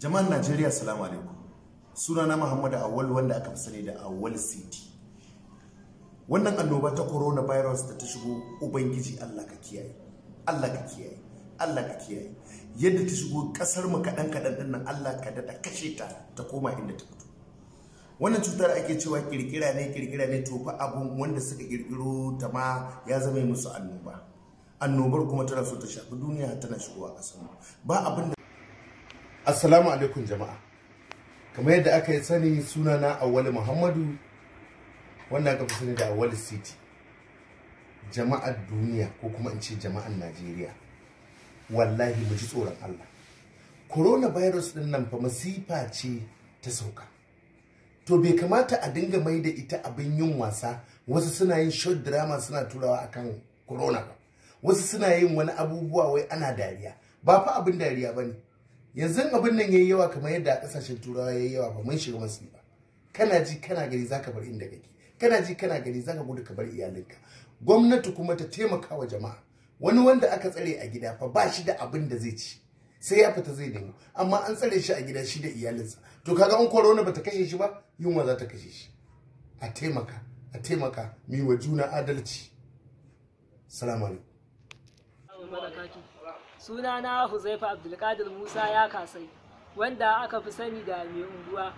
jama'an najeriya salamu alaikum sunana muhammadu awal wanda aka fi sani da awal city wannan annoba ta coronavirus da ta shigo ubangiji allah ka kiyaye allah ka kiyaye allah ka kiyaye yadda ta shigo kasar mu kaɗan kaɗan ɗin nan allah ka daɗa kashe ta ta koma inda ta fito wannan cutar ake cewa kirkira ne kirkira ne to fa abun wanda suka kirkiro ta ma ya zama musu annoba annobar kuma tana so ta shafi duniya tana shigowa ƙasar ba abin Assalamu alaikum jama'a. Kamar yadda aka yi sani sunana Awali Muhammadu wanda aka fi sani da Awali City. Jama'ar duniya ko kuma in ce jama'an Najeriya. Wallahi mu ji tsoron Allah. Corona virus din nan fa masifa ce ta sauka. To bai kamata a dinga mai da ita abin yin wasa wasu suna yin short drama suna turawa akan corona ba. Wasu suna yin wani abubuwa wai ana dariya. Ba fa abin dariya ba ne. yanzu abin nan yayi yawa kamar yadda kasashen turawa yayi yawa ba mun shiga masu ba kana ji kana gari zaka bar inda kake kana ji kana gari zaka gudu ka bar iyalinka gwamnati kuma ta taimaka wa jama'a wani wanda aka tsare a gida fa ba shi da abin da zai ci sai ya fita zai nemo amma an tsare shi a gida shi da iyalinsa to kaga an corona bata kashe shi ba yunwa za ta kashe shi a taimaka a taimaka mi wa juna adalci salamu alaikum suna na huzaifa abdulkadir musa ya kasai wanda aka fi sani da mai unguwa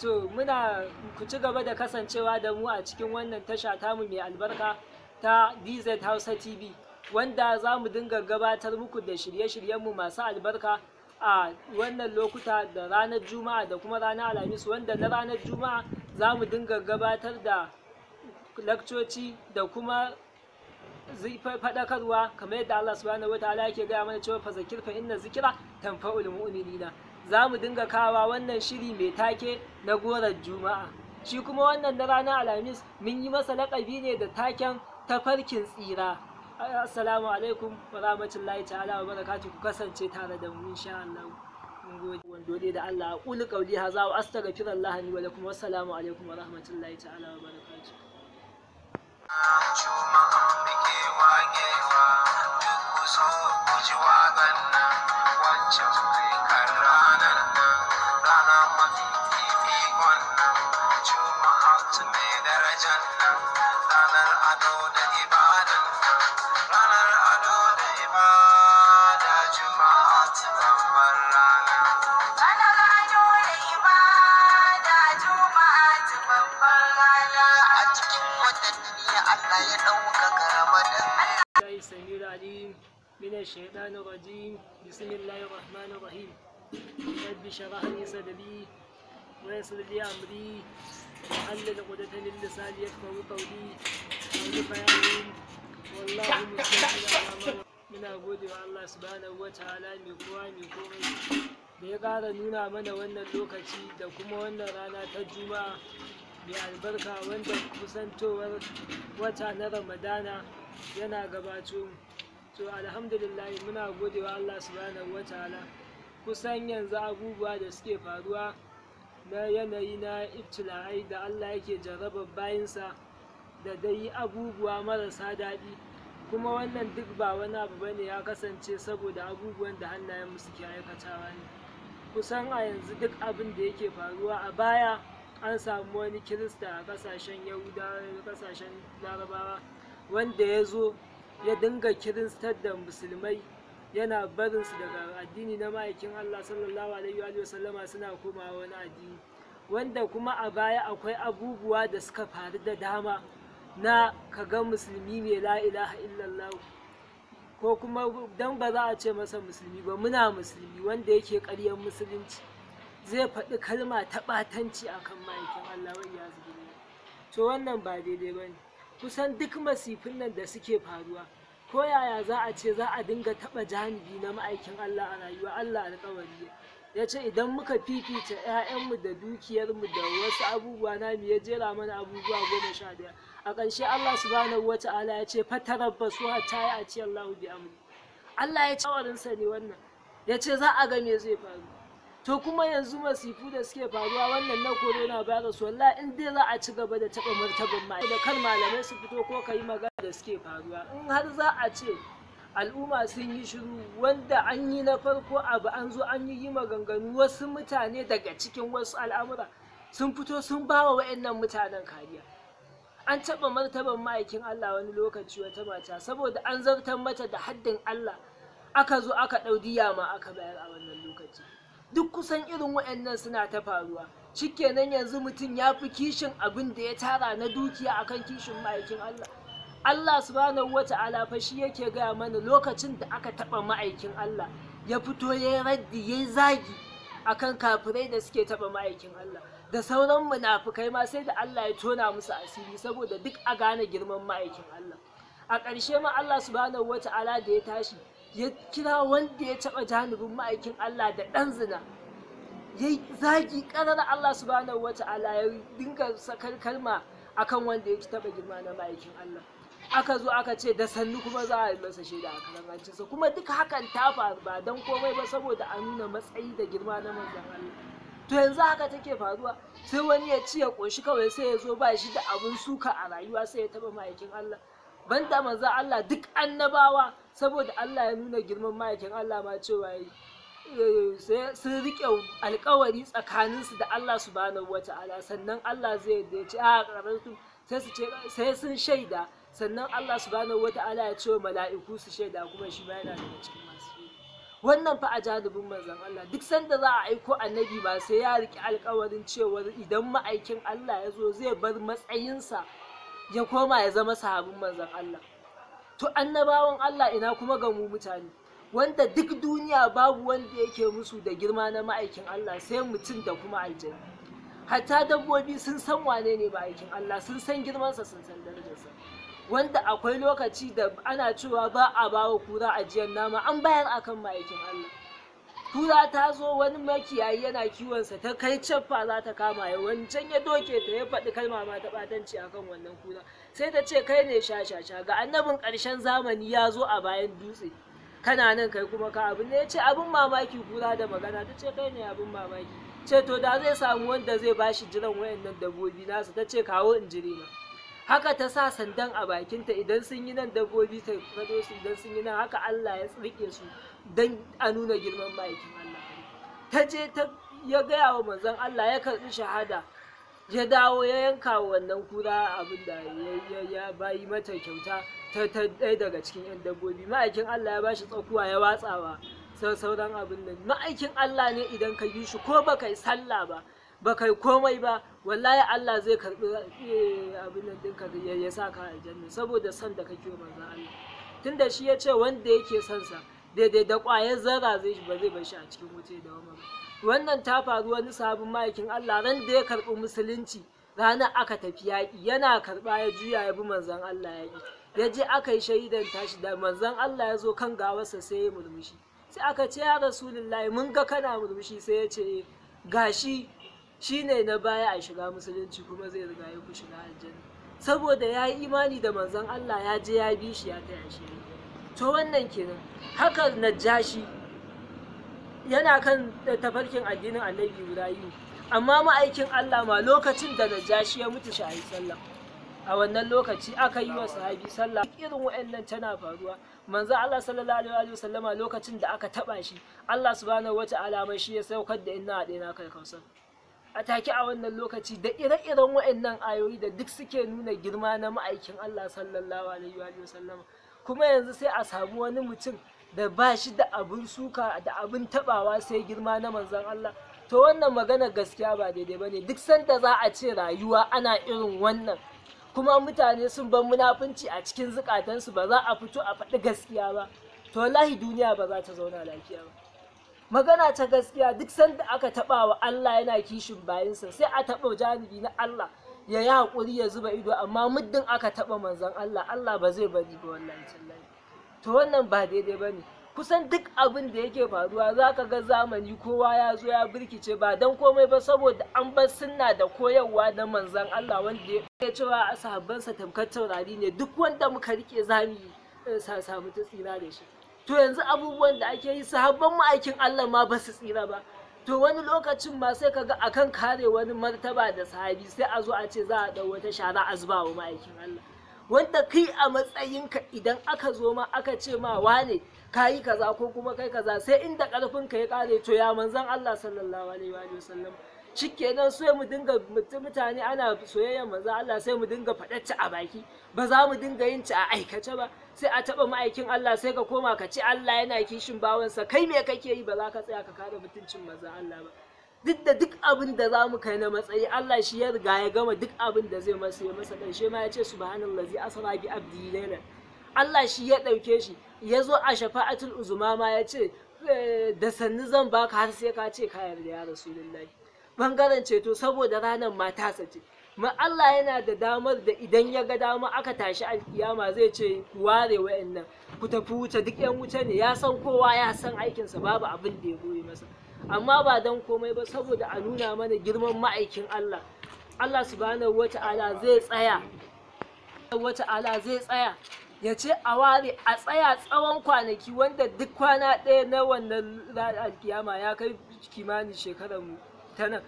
to muna ku ci gaba da kasancewa da mu a cikin wannan tasha tamu mai albarka ta dz hausa tv wanda za mu dinga gabatar muku da shirye-shiryenmu masu albarka a wannan lokuta da ranar juma'a da kuma ranar alhamis wanda na ranar juma'a za mu dinga gabatar da lakcoci da kuma zai faɗakarwa kamar yadda Allah subhanahu wataala yake gaya mana cewa fa zakir fa inna zikira tanfa'ul mu'minina za mu dinga kawa wannan shiri mai take na gorar juma'a shi kuma wannan na ranar alhamis mun yi masa laƙabi ne da taken tafarkin tsira assalamu alaikum wa rahmatullahi ta'ala wa barakatuh ku kasance tare da mu insha Allah mun gode wando dole da Allah qul qawli hadha wa astaghfirullah li wa lakum assalamu alaikum wa rahmatullahi ta'ala wa barakatu wa gewa duk kusan guji wa ganin السميع العليم من الشيطان الرجيم بسم الله الرحمن الرحيم رب شرح لي صدري ويسر لي وحلل عقدة من لساني يفقه قولي والله gode wa Allah subhanahu wa ta'ala mai kowa mai da ya ƙara nuna mana wannan lokaci da kuma wannan rana ta juma'a mai albarka wanda kusantowar wata na ramadana yana gabato to alhamdulillah muna godewa Allah subhanahu wataala kusan yanzu abubuwa da suke faruwa na yanayi na ibtila'ai da Allah yake jarrabar bayansa da dai abubuwa marasa daɗi kuma wannan duk ba wani abu bane ya kasance saboda abubuwan da hannayenmu suke aikatawa ne kusan a yanzu duk abin da yake faruwa a baya an samu wani kirista a ƙasashen yahudawa da ƙasashen larabawa wanda ya zo ya dinga kiristar da musulmai yana barin su daga addini na ma'aikin Allah sallallahu alaihi wa sallama suna koma wani addini wanda kuma a baya akwai abubuwa da suka faru da dama na kaga musulmi mai la ilaha illallah ko kuma dan ba za a ce masa musulmi ba muna musulmi wanda yake ƙaryar musulunci zai faɗi kalma ta ɓatanci akan ma'aikin Allah wa iyazu to wannan ba daidai ba ne kusan duk masifin nan da suke faruwa ko yaya za a ce za a dinga taɓa janibi na ma'aikin Allah a rayuwa Allah alƙawari ya ce idan muka fifita 'ya'yanmu da dukiyarmu da wasu abubuwa na ya jera mana abubuwa goma sha daya a ƙarshe Allah subhanahu wa ta'ala ya ce fatarabbasu hata ya a ce Allahu bi amri Allah ya ce ne wannan ya ce za a ga me zai faru to kuma yanzu masifu da suke faruwa wannan na corona virus walla in dai za a ci gaba da taɓa martaban ma da kan malamai su fito ko ka yi magana da suke faruwa in har za a ce al'umma sun yi shiru wanda an yi na farko abu an zo an yi maganganu wasu mutane daga cikin wasu al'amura sun fito sun ba wa wa'annan mutanen kariya an taɓa martaban ma'aikin Allah wani lokaci wata mata saboda an zartar mata da haddin Allah aka zo aka ɗau diya ma aka bayar a wannan duk kusan irin waɗannan suna ta faruwa shikenan yanzu mutum ya fi kishin abin da ya tara na dukiya akan kishin ma'aikin Allah Allah subhanahu wata'ala fa shi yake gaya mana lokacin da aka taɓa ma'aikin Allah ya fito ya raddi ya zagi akan kafirai da suke taɓa ma'aikin Allah da sauran munafukai ma sai da Allah ya tona musu asiri saboda duk a gane girman ma'aikin Allah a ƙarshe ma Allah subhanahu wata'ala da ya tashi ya kira wanda ya taɓa janibin ma'aikin Allah da ɗan zina ya yi zagi ƙarar Allah subhanahu wa ta'ala ya dinga sakar kalma akan wanda ya taɓa girma na ma'aikin Allah aka zo aka ce da sannu kuma za a yi masa shaida a kuma duk hakan ta faru ba don komai ba saboda a nuna matsayi da girma na manzon Allah to yanzu haka take faruwa sai wani ya ci ya ƙoshi kawai sai ya zo ba shi da abun suka a rayuwa sai ya taɓa ma'aikin Allah banta manzo Allah duk annabawa saboda Allah ya nuna girman ma'aikin Allah ma cewa eh, sun riƙe alkawari tsakaninsu da Allah subhanahu wata'ala sannan Allah zai yarda ya ce a ah, sai su sai sun shaida sannan Allah subhanahu wata'ala ya ce mala'iku su shaida kuma shi ma yana daga cikin masu wannan fa a jadubin manzon Allah duk sanda za a aiko annabi ba sai ya riƙe alkawarin cewa idan ma'aikin Allah ya zo zai bar matsayinsa ya koma ya zama sahabin manzan Allah to annabawan Allah ina kuma ga mu mutane wanda duk duniya babu wanda yake musu da girma na ma'aikin Allah sai mutum da kuma aljanna hatta dabbobi sun san wane ne ma'aikin Allah sun san girmansa sun san darajarsa wanda akwai lokaci da ana cewa ba a bawa kura ajiyar nama an bayar akan ma'aikin Allah kura ta zo wani makiyayi yana kiwonsa ta kai caffa za ta kama ya wancan ya doke ta ya faɗi kalma ma ta ɓatanci akan wannan kura sai ta ce kai ne shashasha ga annabin ƙarshen zamani ya zo a bayan dutse kana nan kai kuma ka abin ne ya ce abin mamaki kura da magana ta ce kai ne abin mamaki ce to da zai samu wanda zai bashi jiran wayannan dabbobi nasu ta ce kawo in jire ma haka ta sa sandan a bakinta idan sun yi nan dabbobi ta kado su idan sun yi nan haka Allah ya tsirke su don a nuna girman ma'aikin Allah ta je ta ya gaya wa manzon Allah ya karɓi shahada ya dawo ya yanka wa wannan kura abin da ya bayi mata kyauta ta ta ɗaya daga cikin 'yan dabbobi ma'aikin Allah ya bashi tsakuwa ya watsawa sauran abin nan ma'aikin Allah ne idan ka yi shi ko baka yi sallah ba baka yi komai ba wallahi Allah zai karɓi eh, abin nan ɗinka ya sa ka aljanna saboda son da kake manzon Allah tunda shi ya ce wanda yake son sa daidai da ƙwayar zarra zai shi ba zai bar shi a cikin wuce da wama ba wannan ta faru wani sabon ma'aikin Allah ran da ya karɓi musulunci ranar aka tafi yaƙi yana karɓa ya juya ya bi manzon Allah yaƙi ya je aka yi shaidan tashi da manzon Allah ya zo kan gawarsa sai ya murmushi sai aka ce ya rasulullahi mun ga kana murmushi sai ya ce gashi ne na baya a shiga musulunci kuma zai riga ya ku shiga aljanna saboda ya yi imani da manzon Allah ya je ya bi shi ya taya shi to wannan kenan haka najashi yana kan tafarkin addinin annabi ibrahim amma ma'aikin allah ma lokacin da najashi ya mutu shahi sallah a wannan lokaci aka yi wa sahabi sallah irin wa'annan tana faruwa manzo Allah sallallahu alaihi wa sallama lokacin da aka taba shi Allah subhanahu wata'ala mai shi ya saukar da inna adina kai kausar a take a wannan lokaci da ire-iren wa'annan ayoyi da duk suke nuna girma na ma'aikin Allah sallallahu alaihi wa sallama kuma yanzu sai a samu wani mutum da ba shi da abin suka da abin tabawa sai girma na manzon Allah to wannan magana gaskiya ba daidai ba ne duk sanda za a ce rayuwa ana irin wannan kuma mutane sun ban munafunci a cikin zukatansu ba za a fito a faɗi gaskiya ba to wallahi duniya ba za ta zauna lafiya ba magana ta gaskiya duk sanda aka taɓa wa Allah yana kishin bayinsa sai a taɓa janibi na Allah ya yi haƙuri ya zuba ido amma muddin aka taɓa manzan Allah Allah ba zai bari ba wallahi tallahi to wannan ba daidai ba ne kusan duk abin da yake faruwa za ka ga zamani kowa ya zo ya birkice ba don komai ba saboda an bar sunna da koyarwa da manzan Allah wanda ya cewa a sahabbansa tamkar taurari ne duk wanda muka rike zami eh, sa samu ta tsira da shi to yanzu abubuwan da ake yi sahabban ma'aikin Allah ma ba su tsira ba to wani lokacin ma sai kaga akan kare wani martaba da sahabi sai a zo a ce za a ɗau wata shara a zuba wa ma'aikin Allah wanda kai a matsayinka idan aka zo ma aka ce ma wane kayi kaza ko kuma kai kaza sai inda karfin ka ya kare to ya manzon Allah sallallahu alaihi wa sallam shikenan sai mu dinga mutane ana soyayyar manzo Allah sai mu dinga faɗacce a baki ba za mu dinga yin ci a aikace ba sai a taɓa ma'aikin Allah sai ka koma ka ci Allah yana kishin bawansa kai me kake yi ba za ka tsaya ka kare mutuncin manzo Allah ba duk da duk abin da za mu kai na matsayi Allah shi ya riga ya gama duk abin da zai masa ya masa shi ma ya ce subhanallazi asra bi abdi laylan Allah shi ya ɗauke shi ya zo a shafa'atul uzuma ma ya ce eh, da sannu zan baka har sai ka ce ka yarda ya rasulullahi bangaren ceto saboda ranar mata ta sace ma Allah yana da damar da idan ya ga dama aka tashi alkiyama zai ce ku ware wa'annan ku tafi wuce duk yan wuce ne ya san kowa ya san aikinsa babu abin da ya goyi masa amma ba don komai ba saboda a nuna mana girman ma'aikin Allah Allah subhanahu wata'ala zai tsaya zai tsaya ya ce a ware a tsaya tsawon kwanaki wanda duk kwana ɗaya na wannan alkiyama ya kai kimanin shekarar mu ta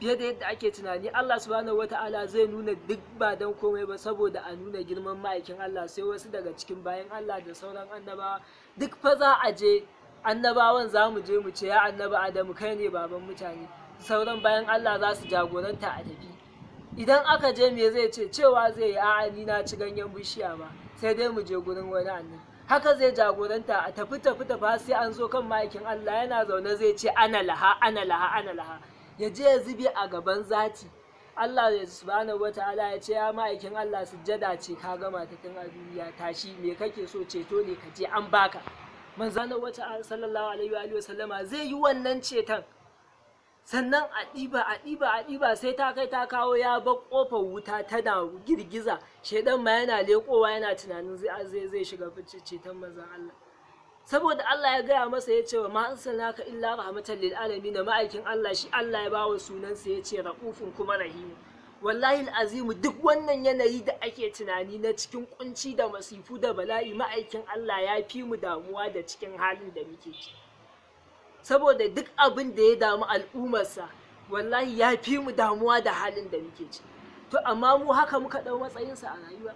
fiye da yadda ake tunani Allah subhanahu wata'ala zai nuna duk ba don komai ba saboda a nuna girman ma'aikin Allah sai wasu daga cikin bayan Allah da sauran annabawa duk fa za a je annabawan za mu je mu ce ya annaba Adamu kai ne baban mutane sauran bayan Allah za su jagoranta a tafi idan aka je me zai ce cewa zai yi a'a ni na ci ganyen bishiya ba sai dai mu je gurin wani annabi haka zai jagoranta a tafi tafi tafa sai an zo kan ma'aikin Allah yana zaune zai ce ana laha ana laha ana laha ya je ya zube a gaban zati Allah ya subhana wa ta'ala ya ce ya ma'aikin Allah sujjada ce ka gama ta tun a duniya tashi me kake so ceto ne ka je an baka manzanar wata sallallahu alaihi wa sallama zai yi wannan cetan sannan a diba a diba a diba sai ta kai ta kawo ya bar ƙofar wuta tana girgiza shedan ma yana lekowa yana tunanin zai zai shiga ceton manzan Allah saboda Allah ya gaya masa ya ce wa ma illa rahmatan lil na ma'aikin Allah shi Allah ya bawa sunansa ya ce raƙufin kuma rahimu wallahi azimu duk wannan yanayi da ake tunani na cikin kunci da masifu da bala'i ma'aikin Allah ya fi mu damuwa da cikin halin da muke ci saboda duk abin da ya damu al'ummarsa wallahi ya fi mu damuwa da halin da muke ci to amma mu haka muka ɗau matsayinsa a rayuwa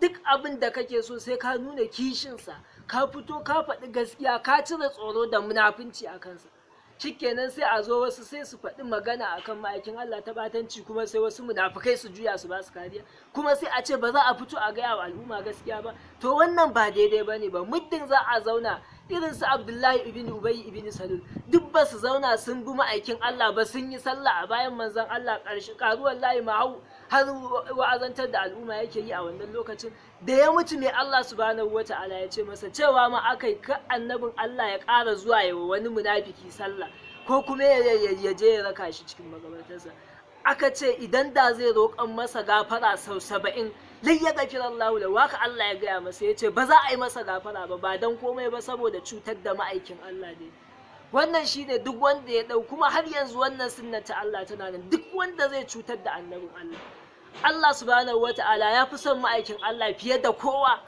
duk abin da kake so sai ka nuna kishinsa ka fito ka faɗi gaskiya ka cire tsoro da munafunci a kansa shikenan sai a zo wasu sai su faɗi magana a kan ma'aikin Allah ta batanci kuma sai wasu munafukai su juya su ba su kariya kuma sai a ce ba za a fito a gaya wa al'umma gaskiya ba to wannan ba daidai ba ne ba muddin za a zauna irin su Abdullahi ibn Ubay ibn Salul duk ba su zauna sun bi ma'aikin Allah ba sun yi sallah a bayan manzon Allah ƙarshe karuwar layi ma har wa'azantar da al'umma yake yi a wannan lokacin da ya mutu ne Allah subhanahu ta'ala ya ce masa cewa ma aka yi ka annabin Allah ya ƙara zuwa ya wa wani munafiki sallah ko kuma ya je ya raka shi cikin magabatarsa aka ce idan da zai roƙon masa gafara sau saba'in lai ya kiran Allah da waka Allah ya gaya masa ya ce ba za a yi masa gafara ba ba don komai ba saboda cutar da ma'aikin Allah ne wannan shi ne duk wanda ya ɗau kuma har yanzu wannan sunna ta Allah tana nan duk wanda zai cutar da annabin Allah Allah subhanahu ta'ala ya fi son ma'aikin Allah fiye da kowa